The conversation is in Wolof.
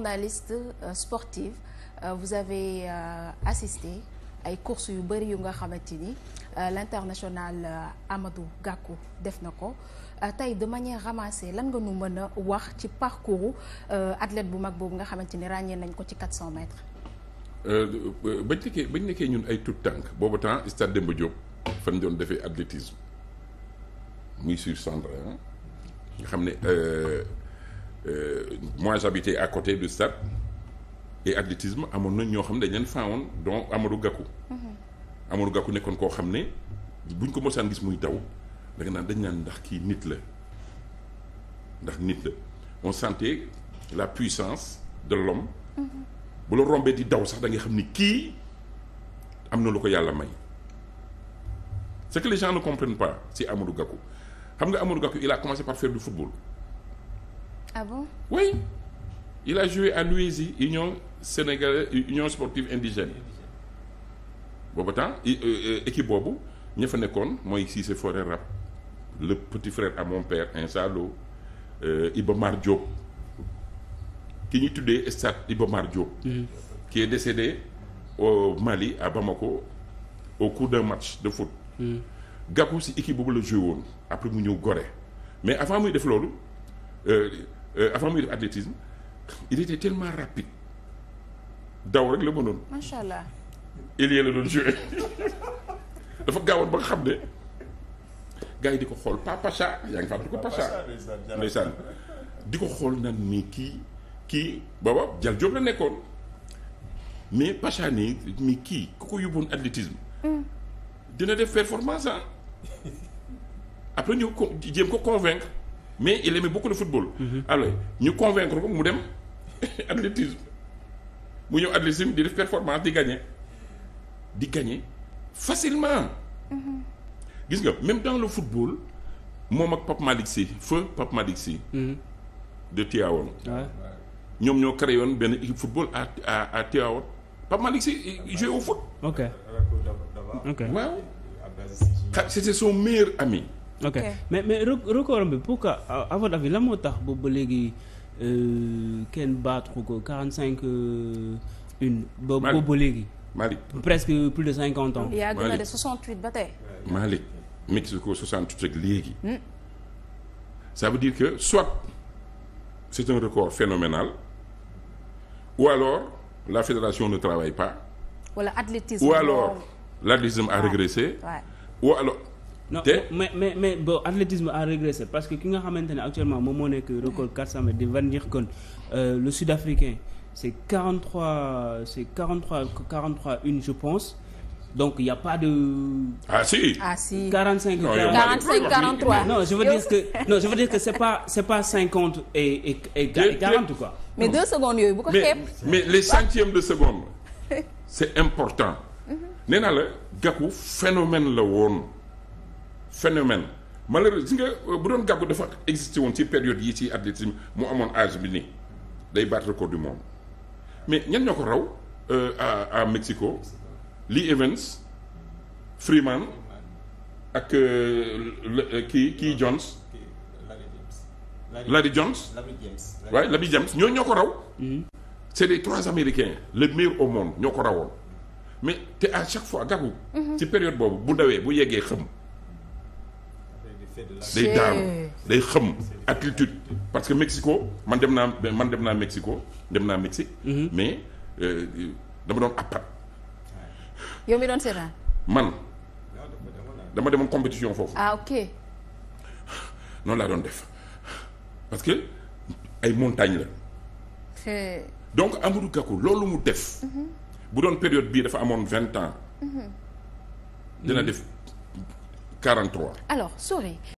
journaliste euh, sportive euh, vous avez euh, assisté ay course yu bëri yu nga xamante ni l'international Amadou Gakou def na ko tey de manière ramassée lan nga nu mën a wax ci parcours athlète bu mag boobu nga xamante ni ràññee nañ ko ci 400 mètres. bañ nekkee bañ nekkee ñun ay tout tànk boobu temps stade Demba Diop fan doon defee athlétisme muy sur cendre nga xam ne. euh, moi j'habitais à côté du stade et athlétisme amoon nañ ñoo xam ne dañ leen faawoon donc Amadou Gakou mm-hmm. Amadou Gakou nekkoon koo xam ne buñ ko mosaan gis muy daw da nga naan dañ naan ndax kii nit la ndax nit la on sentait la puissance de l'homme mm-hmm. bu la rombee di daw sax da xam ni kii am na lu ko yàlla may ce que les gens ne comprennent pas c'est Amadou Gakou xam nga Amadou Gakou il a commencé par faire du football ah bon oui il a joué à l'USI Union sénégalaise Union sportive indigène boobu temps euh, euh, équipe boobu ña fa nekkoon mooy Cissé Forêt Rap le petit frère à mon père Insa Lo euh, Iba ki ñu tuddee stade Iba Mar Diop mm. qui est décédé au Mali à Bamako au cours d'un match de foot mm. Gabou si équipe boobu la joué woon après mu ñëw gore mais avant muy def loolu Euh, avant muy def athlétisme il était tellement rapide daw rek la mënoon. macha allah. Elie la doon joué dafa gaawoon ba nga xam ne gars yi di ko xool pas Pacha yaa ngi fàttali ko Pacha. ndeysaan di ko xool naan nii kii kii booba Jal Diop la nekkoon mais Pacha nii nii kii ku ko yóbbuwoon athlétisme. Mm. dina def performance ah après ñu ko jéem ko convaincre. mais il aimait beaucoup le football. Mhm. alors ñu convaincre ko mu dem athlétisme mu ñëw athlétisme di def performance di gagner di gagner facilement. Mhm. gis nga même dans le football moom ak Pape Malick Sy feu Pape Malick Sy. Mhm. de Tivaouane. ñoom ñoo créé woon benn équipe football à à à Tivaouane Pape Malick Sy au foot. ok ok waaw. c'était son meilleur ami. ok mais mais record bi pourquoi à votre avis moo tax boobu ba léegi euh, kenn baatu ko 45 euh, une. ba boobu ba léegi. Malick presque plus de cinquante ans. yaa gën a de 68 ba tey. Malick Mexico 68 rek léegi. Hmm. ça veut dire que soit c'est un record phénoménal ou alors la fédération ne travaille pas. wala voilà, athlétisme. ou alors l'athlétisme a régressé. ou alors. non mais mais mais bon athlétisme a régressé parce que ki nga xamante ne actuellement moom moo nekk record 400 mètres di Van Giersken euh, le sud-africain c'est 43 c'est 43 43 donc il y de. ah si ah si 45. que non que c'est pas c'est pas 50 quoi. mais deux secondes yooyu bu les centièmes de seconde c'est important. Mhm. nee naa la Gakou phénomène malheureusement si nga euh, bu doon gàggu dafa existé woon ci période yi ci athlétisme mu amoon âge bi nii day battre record du mais ñan ko raw euh, à à Mexico Lee Evans Freeman ak euh, kii kii Jones. Larry Jones Larry James waaye Larry James ñooñu ñoo ko raw. Mm-hmm. c'est les trois américains le meilleurs au monde ñoo ko rawoon mais te à chaque fois gàggu. Mm-hmm. ci période boobu bu dawee bu yeggee xam. day daanu day xëm altitude parce que Mexico man dem naa man dem naa Mexico dem naa Mexique. Mhm. mais euh, dama doon appat. yow mi doon seetaan. man dama demoon compétition foofu. ah ok. noonu laa doon def parce que ay montagne la. Hey. donc Amadou Gakou loolu mu def. Mhm. bu doon période bii dafa amoon vingt ans. Mhm. dina def. 43. alors Sori.